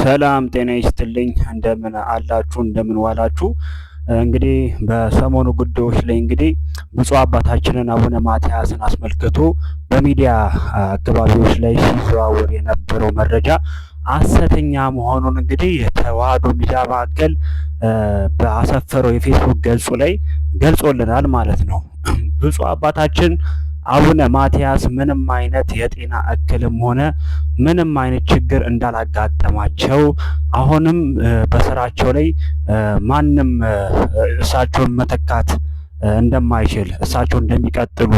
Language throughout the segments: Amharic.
ሰላም ጤና ይስጥልኝ። እንደምን አላችሁ? እንደምን ዋላችሁ? እንግዲህ በሰሞኑ ጉዳዮች ላይ እንግዲህ ብፁዕ አባታችንን አቡነ ማትያስን አስመልክቶ በሚዲያ አካባቢዎች ላይ ሲዘዋወር የነበረው መረጃ ሐሰተኛ መሆኑን እንግዲህ የተዋህዶ ሚዲያ ማዕከል በአሰፈረው የፌስቡክ ገጹ ላይ ገልጾልናል ማለት ነው። ብፁዕ አባታችን አቡነ ማትያስ ምንም አይነት የጤና እክልም ሆነ ምንም አይነት ችግር እንዳላጋጠማቸው አሁንም በስራቸው ላይ ማንም እሳቸውን መተካት እንደማይችል እሳቸው እንደሚቀጥሉ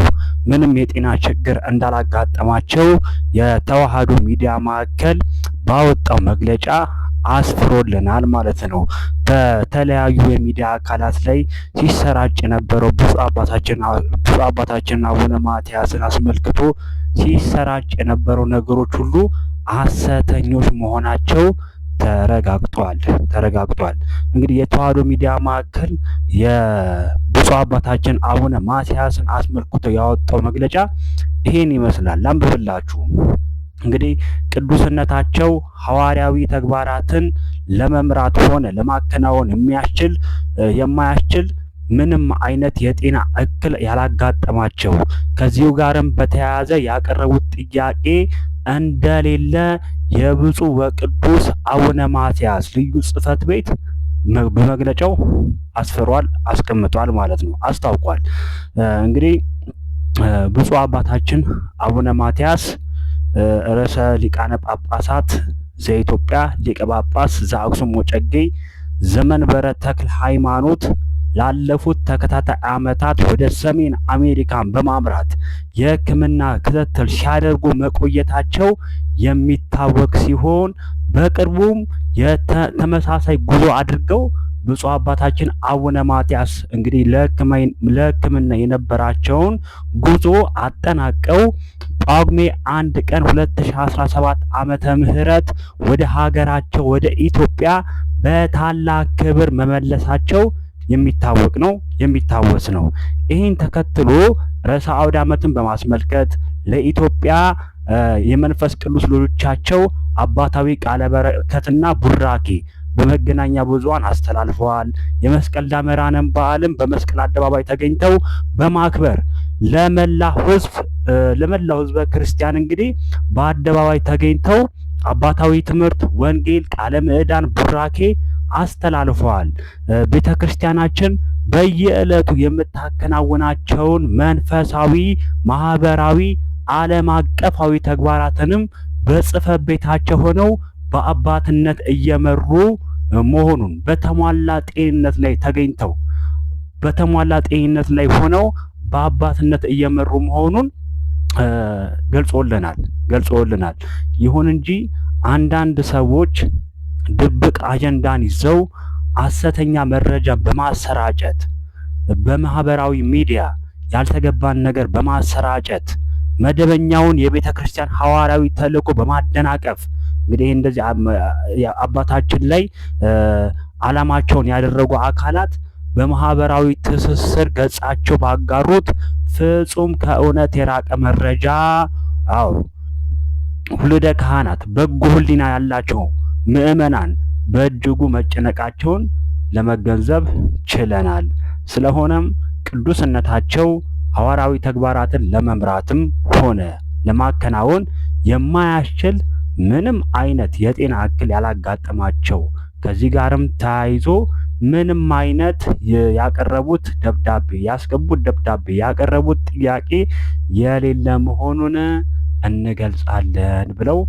ምንም የጤና ችግር እንዳላጋጠማቸው የተዋህዶ ሚዲያ ማዕከል ባወጣው መግለጫ አስፍሮልናል ማለት ነው። በተለያዩ የሚዲያ አካላት ላይ ሲሰራጭ የነበረው ብፁዕ አባታችን አቡነ ማትያስን አስመልክቶ ሲሰራጭ የነበረው ነገሮች ሁሉ ሐሰተኞች መሆናቸው ተረጋግጧል ተረጋግጧል። እንግዲህ የተዋህዶ ሚዲያ ማዕከል የብፁ አባታችን አቡነ ማትያስን አስመልክቶ ያወጣው መግለጫ ይሄን ይመስላል። ላንብብላችሁ። እንግዲህ ቅዱስነታቸው ሐዋርያዊ ተግባራትን ለመምራት ሆነ ለማከናወን የሚያስችል የማያስችል ምንም አይነት የጤና እክል ያላጋጠማቸው ከዚሁ ጋርም በተያያዘ ያቀረቡት ጥያቄ እንደሌለ የብፁዕ ወቅዱስ አቡነ ማትያስ ልዩ ጽሕፈት ቤት በመግለጫው አስፍሯል፣ አስቀምጧል ማለት ነው፣ አስታውቋል። እንግዲህ ብፁዕ አባታችን አቡነ ማትያስ ርዕሰ ሊቃነ ጳጳሳት ዘኢትዮጵያ ሊቀ ጳጳስ ዘአክሱም ወጨጌ ዘመንበረ ተክለ ሃይማኖት ላለፉት ተከታታይ ዓመታት ወደ ሰሜን አሜሪካን በማምራት የሕክምና ክትትል ሲያደርጉ መቆየታቸው የሚታወቅ ሲሆን በቅርቡም ተመሳሳይ ጉዞ አድርገው ብፁዕ አባታችን አቡነ ማትያስ እንግዲህ ለሕክምና የነበራቸውን ጉዞ አጠናቀው ጳጉሜ አንድ ቀን 2017 ዓመተ ምህረት ወደ ሀገራቸው ወደ ኢትዮጵያ በታላቅ ክብር መመለሳቸው የሚታወቅ ነው የሚታወስ ነው። ይህን ተከትሎ ርዕሰ አውደ ዓመትን በማስመልከት ለኢትዮጵያ የመንፈስ ቅዱስ ልጆቻቸው አባታዊ ቃለ በረከትና ቡራኬ በመገናኛ ብዙሃን አስተላልፈዋል። የመስቀል ደመራንም በዓልን በመስቀል አደባባይ ተገኝተው በማክበር ለመላ ሕዝብ ለመላው ህዝበ ክርስቲያን እንግዲህ በአደባባይ ተገኝተው አባታዊ ትምህርት፣ ወንጌል፣ ቃለ ምዕዳን፣ ቡራኬ አስተላልፈዋል። ቤተ ክርስቲያናችን በየዕለቱ የምታከናውናቸውን መንፈሳዊ፣ ማህበራዊ፣ ዓለም አቀፋዊ ተግባራትንም በጽፈት ቤታቸው ሆነው በአባትነት እየመሩ መሆኑን በተሟላ ጤንነት ላይ ተገኝተው በተሟላ ጤንነት ላይ ሆነው በአባትነት እየመሩ መሆኑን ገልጾልናል ገልጾልናል። ይሁን እንጂ አንዳንድ ሰዎች ድብቅ አጀንዳን ይዘው ሐሰተኛ መረጃ በማሰራጨት በማህበራዊ ሚዲያ ያልተገባን ነገር በማሰራጨት መደበኛውን የቤተ ክርስቲያን ሐዋርያዊ ተልእኮ በማደናቀፍ እንግዲህ እንደዚህ አባታችን ላይ አላማቸውን ያደረጉ አካላት በማህበራዊ ትስስር ገጻቸው ባጋሩት ፍጹም ከእውነት የራቀ መረጃ። አዎ ሁልደ ካህናት በጎ ሕሊና ያላቸው ምእመናን በእጅጉ መጨነቃቸውን ለመገንዘብ ችለናል። ስለሆነም ቅዱስነታቸው ሐዋርያዊ ተግባራትን ለመምራትም ሆነ ለማከናወን የማያስችል ምንም አይነት የጤና እክል ያላጋጠማቸው ከዚህ ጋርም ተያይዞ ምንም አይነት ያቀረቡት ደብዳቤ ያስገቡት ደብዳቤ ያቀረቡት ጥያቄ የሌለ መሆኑን እንገልጻለን ብለው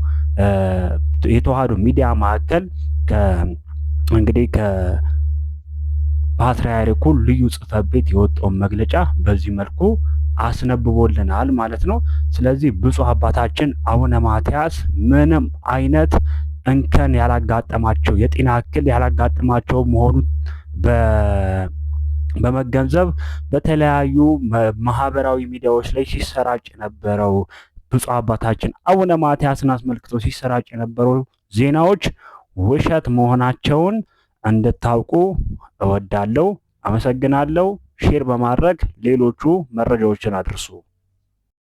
የተዋህዶ ሚዲያ ማዕከል እንግዲህ ከፓትርያርኩ ልዩ ጽህፈት ቤት የወጣውን መግለጫ በዚህ መልኩ አስነብቦልናል ማለት ነው። ስለዚህ ብፁዕ አባታችን አቡነ ማትያስ ምንም አይነት እንከን ያላጋጠማቸው የጤና እክል ያላጋጠማቸው መሆኑን በመገንዘብ በተለያዩ ማህበራዊ ሚዲያዎች ላይ ሲሰራጭ የነበረው ብፁዕ አባታችን አቡነ ማትያስን አስመልክቶ ሲሰራጭ የነበረው ዜናዎች ውሸት መሆናቸውን እንድታውቁ እወዳለሁ። አመሰግናለሁ። ሼር በማድረግ ሌሎቹ መረጃዎችን አድርሱ።